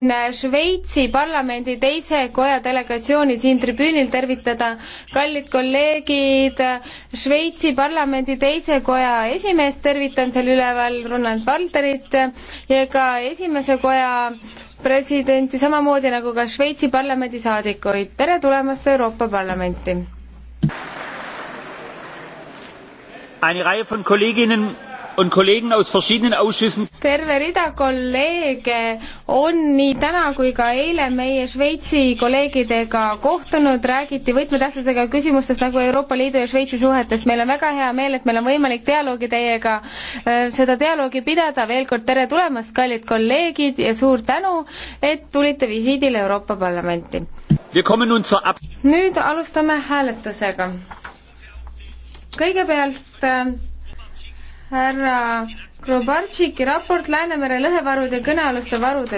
Šveitsi parlamendi teise koja delegatsiooni siin tribüünil tervitada. kallid kolleegid, Šveitsi parlamendi teise koja esimeest tervitan seal üleval, Ronald Valterit ja ka esimese koja presidenti, samamoodi nagu ka Šveitsi parlamendi saadikuid. tere tulemast Euroopa Parlamenti! Eine Reihe von Kolleginnen terve rida kolleege on nii täna kui ka eile meie Šveitsi kolleegidega kohtunud, räägiti võtmetähtsusega küsimustest nagu Euroopa Liidu ja Šveitsi suhetest. meil on väga hea meel, et meil on võimalik dialoogi teiega, äh, seda dialoogi pidada. veel kord tere tulemast, kallid kolleegid ja suur tänu, et tulite visiidile Euroopa Parlamenti. nüüd alustame hääletusega. kõigepealt äh, härra Grobartšiki raport Läänemere lõhevarude kõnealuste varude